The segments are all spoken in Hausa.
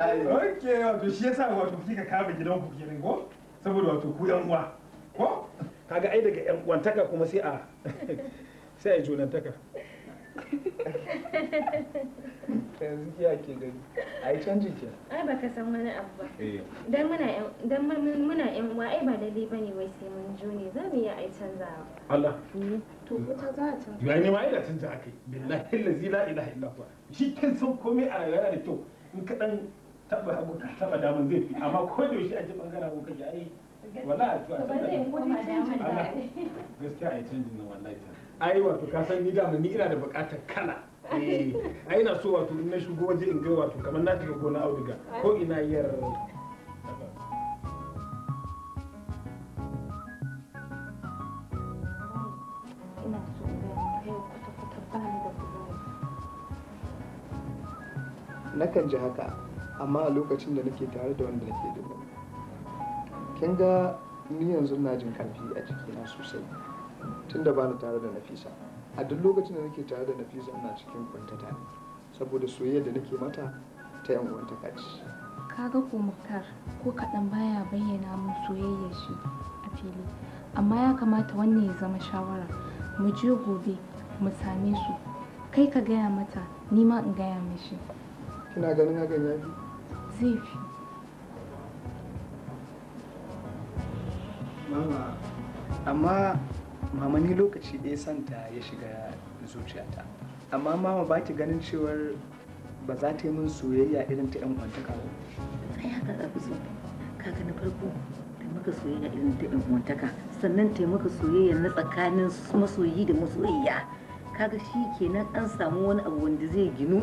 ok wato shi yasa wato kika kama gidan ku kenan ko saboda wato ku yan uwa ko kaga ai daga yan uwantaka kuma sai a sai a junantaka yanzu kiya ke gani a yi canji ke ai ba ka san wani abu ba eh. dan muna muna yan uwa ai ba dalili bane wai sai mun jo ne za mu Allah eh, to yi hmm. ne ma ai da canja akai billahi la ilaha illa shi san komai a rayuwa da kyau in ka dan taba hagu da taba zai fi amma ko da shi a ji bangaren hagu kake ai wala a tuwa sai da gaskiya ai canjin nan wallahi ta ai wato ka san ni da ni ina da bukatar kala eh, ai ina so wato in na shigo waje in ga wato kamar na tafi gona auduga ko ina yar nakan ji haka amma a lokacin da nake tare da wanda nake dubu kin ga ni yanzu na jin karfi a jikina sosai tunda da bani tare da nafisa a duk lokacin da nake tare da nafisa ina cikin kwantata ne saboda soyayya da nake mata ta yan uwanta kaci kaga ko muktar ko kaɗan baya bayyana mun soyayya shi a fili amma ya kamata wannan ya zama shawara mu je gobe mu same su kai ka gaya mata ni ma in gaya mishi kina ganin hakan ya fi zai fi mama amma mama ni lokaci ɗaya santa ya shiga zuciyata amma mama ba ki ganin cewar ba za ta yi min soyayya irin ta 'yan kwantaka ba tsaya ka ga so na farko taimaka soyayya irin ta 'yan kwantaka sannan taimaka soyayya na tsakanin masoyi da masoyiya kaga shi kenan an samu wani abu wanda zai ginu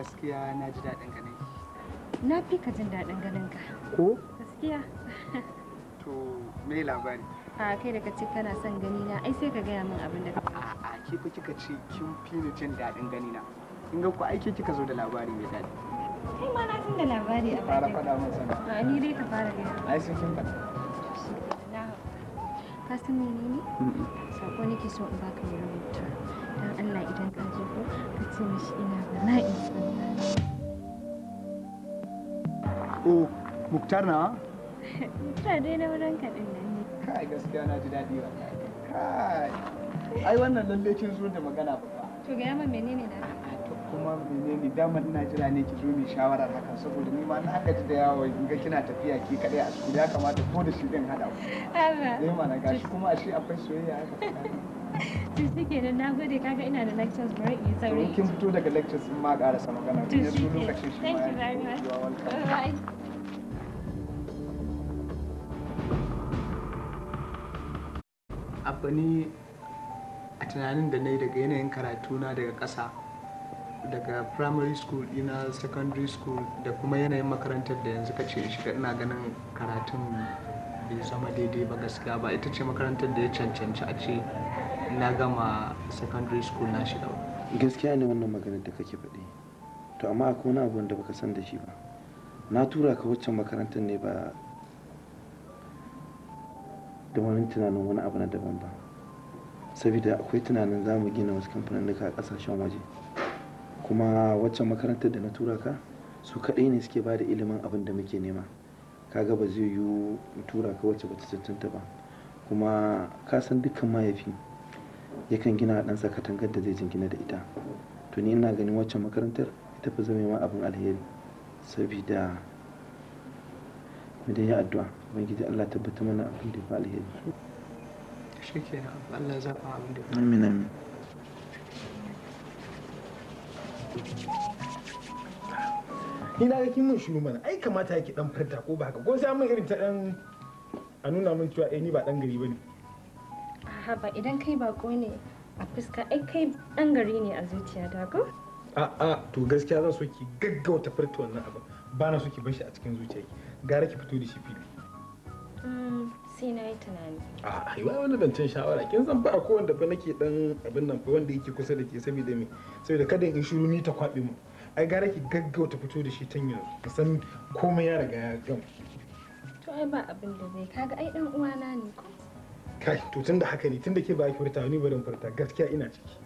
gaskiya na ji daɗin ganin ki na fi ka jin daɗin ganin ka ko gaskiya to me labari a kai daga ka ce kana son gani na ai sai ka gaya min abin da ka a ke fa kika ce kin fi ni jin daɗin gani na kin ga ku aike kika zo da labari mai daɗi kai ma na san da labari a fara faɗa min sana to ni dai ka fara gaya ai sai kin faɗa ka san ne sako nake so in baka ya rubuta dan Allah idan ka je ko ka ce mishi ina bala'i ko oh, muktar na muktar dai na wurin kaɗin nan ne kai gaskiya na ji daɗi wannan kai ai wannan lalle kin zo da magana ba to ga yamma menene na kuma menene damar ina jira ne ki zo ni shawara hakan saboda ni ma na haka ji da yawo in ga kina tafiya ki kadai a su ya kamata ko da shi din hada ku. Amma. Dai ma na gashi kuma shi akwai soyayya haka. to shi kenan na gode kaga ina da lectures bari in sauri kin fito daga lectures in ma karasa magana to shi lokacin shi thank you very much bye bye abu ne a tunanin da na yi daga yanayin karatuna daga ƙasa daga primary school dina secondary school da kuma yanayin makarantar da yanzu kace shiga ina ganin karatun bai zama daidai ba gaskiya ba ita ce makarantar da ya cancanci a ce na gama secondary school na shi dawo gaskiya ne wannan maganar da kake faɗi to amma akwai wani abu da baka san da shi ba na tura ka waccan makarantar ne ba da wani tunanin wani abu na daban ba saboda akwai tunanin za mu gina wasu kamfaninnuka a ƙasashen waje kuma waccan makarantar da na tura ka su kaɗai ne suke ba da ilimin abin da muke nema kaga ba zai yiwu tura ka wacce ba ta cancanta ba kuma ka san dukkan mahaifi yakan gina wa ɗansa katangar da zai jingina da ita to ni ina ganin waccan makarantar ita fi zama abin alheri saboda mu dai yi addu'a ubangiji Allah tabbata mana abin da fa alheri shikenan Allah ya zaba abin da amin amin ni na ga kin mun shiru mana ai kamata yake dan farta ko ba haka ko sai mun irin ta dan a nuna mun cewa eh ni ba dan gari bane haba idan kai bako ne a fuska ai kai dan gari ne a zuciya ta ko a'a to gaskiya zan so ki gaggauta furta wannan abin ba na so ki bar shi a cikin zuciyarki gara ki fito da shi fili mm, sai na yi tunani a aiwa wani zancen shawara kin san ba ko wanda fa nake dan abin nan ba wanda yake kusa da ke saboda me saboda kada in shiru ni ta kwabe mu ai gara ki gaggauta fito da shi tun yanzu san komai ya riga ya gama to ai ba abin da zai kaga ai dan uwana ne ko kai to tunda haka ne tunda ke ba ki furta ni barin furta gaskiya ina ciki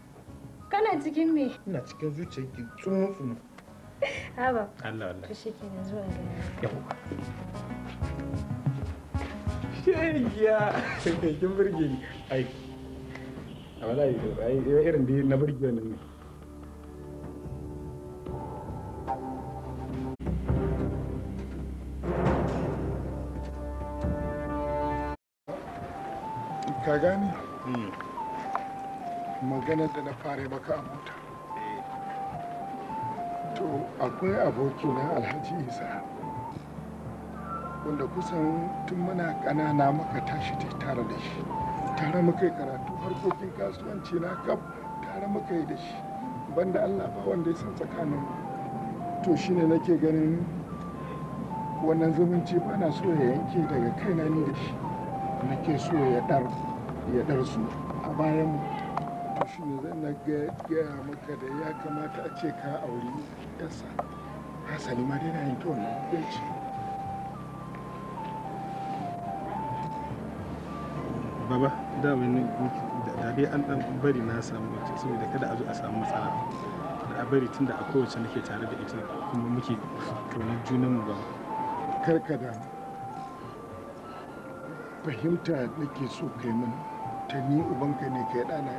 kana cikin me ina cikin zuciyar ki tsumu tsumu haba Allah Allah to shike ne zuwa ga yawa shayya kin burge ni ai a wallahi ai irin da na burge ni ka gani hmm. maganar da na fara maka a mota eh. to akwai aboki na alhaji isa wanda kusan tun muna ƙanana maka tashi ta tare da shi tare maka karatu harkokin kasuwanci na kaf tare maka yi da shi banda allah ba wanda ya san tsakanin to shine nake ganin wannan zumunci ba na so ya yanke daga kaina ni da shi nake so ya ɗar ya ɗarsu a bayan mu shi ne zan na gaya maka da ya kamata a ce ka auri yarsa hasali ma dai na yin tuwon ya ce baba da wani da dai an dan bari na samu wacce saboda kada a zo a samu matsala da a bari tunda a kowace nake tare da ita kuma muke tonin junanmu ba karkada fahimta nake so kai mana ta ni ubanka ne yi ɗana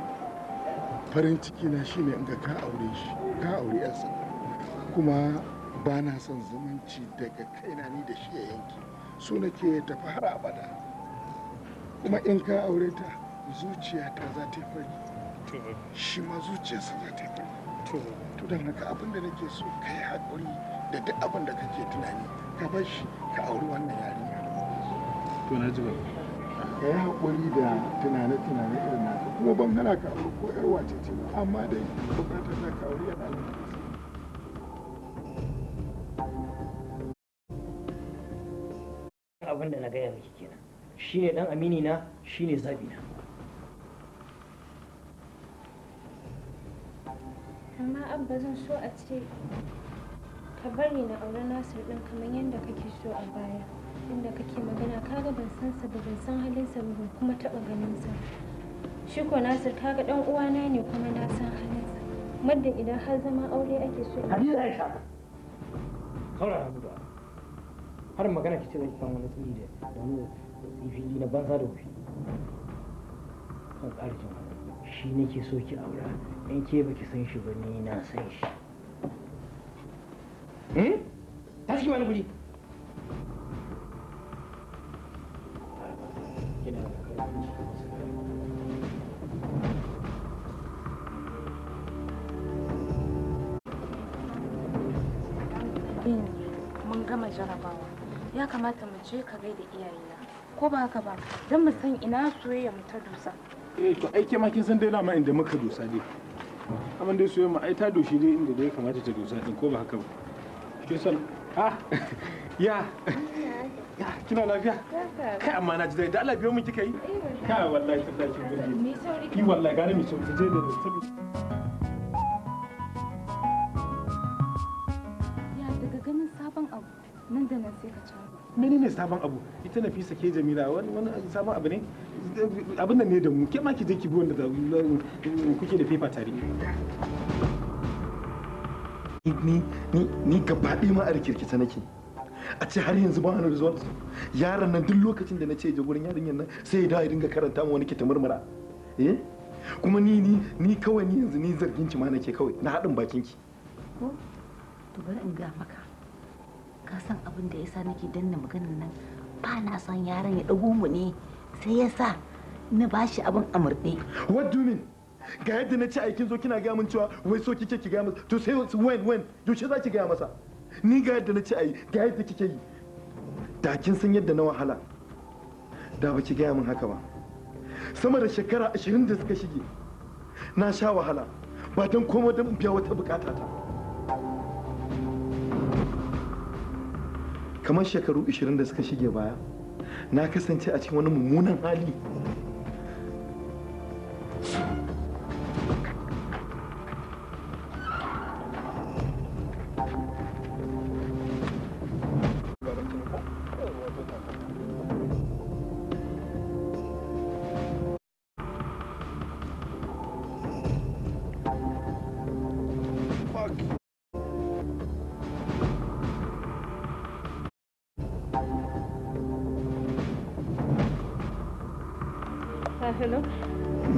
farin ciki na shine in ga ka aure shi ka aure yansa kuma ba na son zumunci daga kaina ni da shi ya yanke so nake tafi har abada kuma in ka aure ta zuciyata za ta yi fari shi ma zuciyarsa za ta yi fari to don haka abin da nake so ka yi haƙuri da duk abin da kake tunani ka bar shi ka auri wannan yarinya to na ji ba ka yi haƙuri da tunane-tunane irin naka kuma ban hana ka aure ko yar wace ce amma dai bukatar na ka aure yana da abin da na gaya miki kenan ne dan amini na shi zabi na amma abba zan so a ce ka bari na aure nasir ɗin kamar yadda kake so a baya inda kake magana kaga ban san sa ba ban san halin sa ba kuma taɓa ganin sa shi ko nasir kaga ɗan uwana ne kuma na san halin sa muddin idan har zama aure ake so a Hadiza Aisha kaura ha gudu har magana ki ce zan san wani tsiri da wani tsifili na banza da wufi kan ƙarfin shi nake so ki aura in ke baki san shi ba ni na san shi Hmm? tashi wani guri mun gama jarabawa ya kamata mu je ka gaida iyayena ko ba haka ba don mu san ina soyayya mu ta dusa eh to aike ma kin san dai dama inda muka dusa dai amma dai soyayya ma ai ta doshi dai inda dai kamata ta dosa din ko ba haka ba kin san ha ya ya kina lafiya kai amma na ji da Allah biyo mun kika yi kai wallahi tallahi kin gaji ni sauri ki wallahi gare mi sauri je da sauri ya daga ganin sabon abu nan da nan sai ka ci ne sabon abu ita na fisa ke jamila wani wani sabon abu ne abin nan ne da mu ke ma ki je ki bi wanda kuke da fefa tare ni ni ni gaba ma a rikirkita nake a ce har yanzu ba wani result yaron nan duk lokacin da na ce je gurin yarinyar nan sai ya dawo ya dinga karanta mu wani kita murmura eh kuma ni ni ni kawai ni yanzu ni zargin ki ma nake kawai na haɗin bakin ki ko to bari in ga maka ka san abin da yasa nake danna maganar nan ba na son yaron ya dago mu ne sai yasa na bashi abin amurde what do you mean ga yadda na ci aikin zo kina gaya min cewa wai so kike ki gaya masa to sai when when yaushe za ki gaya masa ni ga yadda na ci ai ga yadda kike yi da kin san yadda na wahala da baki gaya min haka ba sama da shekara ashirin da suka shige na sha wahala ba don koma don biya wata bukata ta kamar shekaru ashirin da suka shige baya na kasance a cikin wani mummunan hali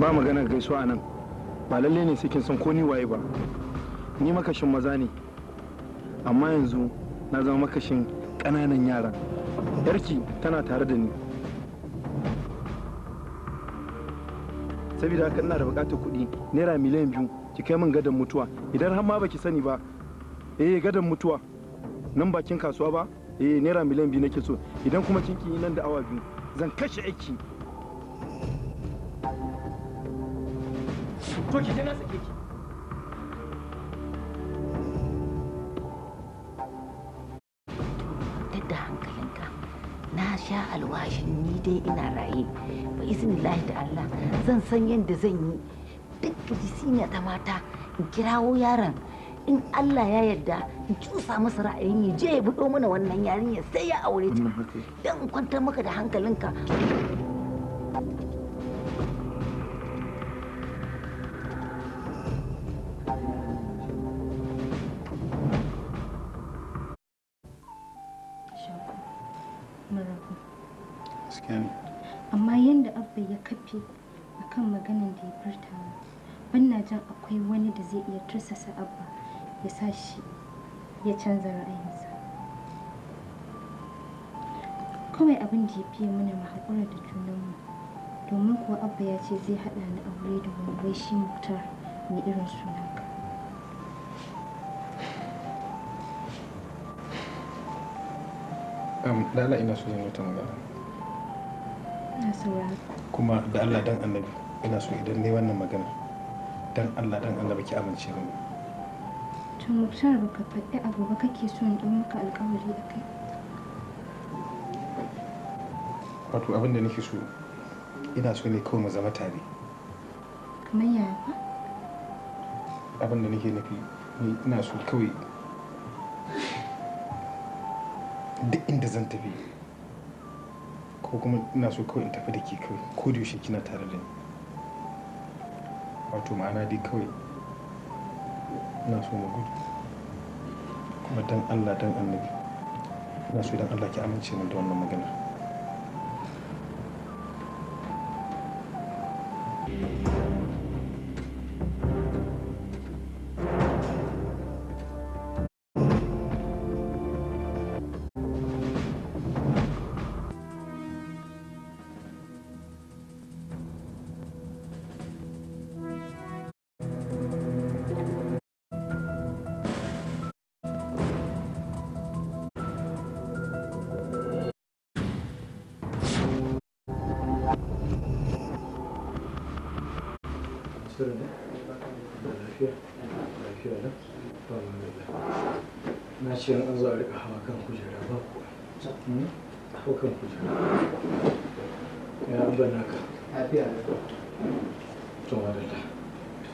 ba maganar gaisuwa a nan ba lalle ne sai kin san ko ni waye ba ni makashin maza ne amma yanzu na zama makashin ƙananan yara yarki tana tare da ni saboda haka ina da buƙatar kuɗi naira miliyan biyu ki kai min gadon mutuwa idan har ma baki sani ba eh gadon mutuwa nan bakin kasuwa ba eh naira miliyan biyu nake so idan kuma kin ki nan da awa biyu zan kashe aiki to ki je na sake ki hankalinka na sha alwashin ni dai ina raye ba iznillahi da Allah zan san yadda zan yi duk jisina ta mata in kirawo yaron in Allah ya yarda in cusa masa ra'ayin ya je ya buɗo mana wannan yarinya sai ya aure ta don kwantar maka da hankalinka a kan maganin da ya furta min ban na jan akwai wani da zai iya tursasa abba ya sa shi ya canza ra'ayinsa kawai abin da ya fi mana mahaƙura da junanmu domin kuwa abba ya ce zai haɗa ni aure da wani bai shi muktar mai irin suna Um, Lala ina so zan wata magana. kuma da Allah dan annabi ina so idan ne wannan magana dan Allah dan annabi ki amince mini to muktar baka faɗi abu ba kake so in yi maka alƙawari da kai wato abin da nake so ina so ne kawai mu zama tare kamar yaya ba abin da nake nufi ni ina so kawai duk inda zan tafi ko kuma ina so kawai in tafi da ke kawai ko da yaushe kina tare da ni wato ma'ana dai kawai ina so mu gudu kuma dan Allah dan annabi ina so dan Allah ki amince min da wannan magana thank you Na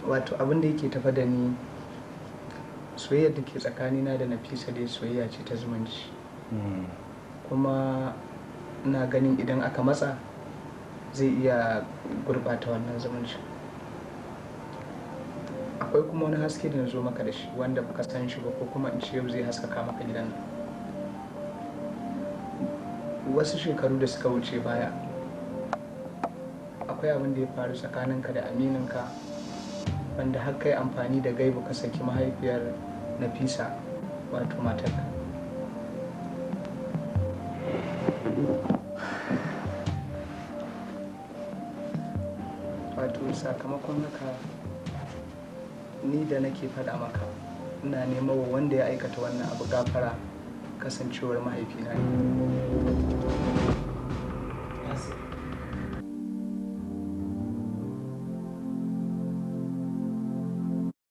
Wato abin da yake tafa da ni soyayyar da ke tsakanina da Nafisa dai soyayya ce ta zumunci. Kuma ina ganin idan aka matsa zai iya gurɓata wannan zumuncin. kuma wani haske da na zo maka da shi wanda baka san shi ba ko kuma in ce yau zai haskaka maka gidan wasu shekaru da suka wuce baya akwai abin da ya faru tsakaninka da amininka wanda har kai amfani da gaibu ka saki mahaifiyar nafisa wato matarka wato sakamakon haka ni da nake faɗa maka ina nema wa wanda ya aikata wannan abu gafara kasancewar mahaifina ne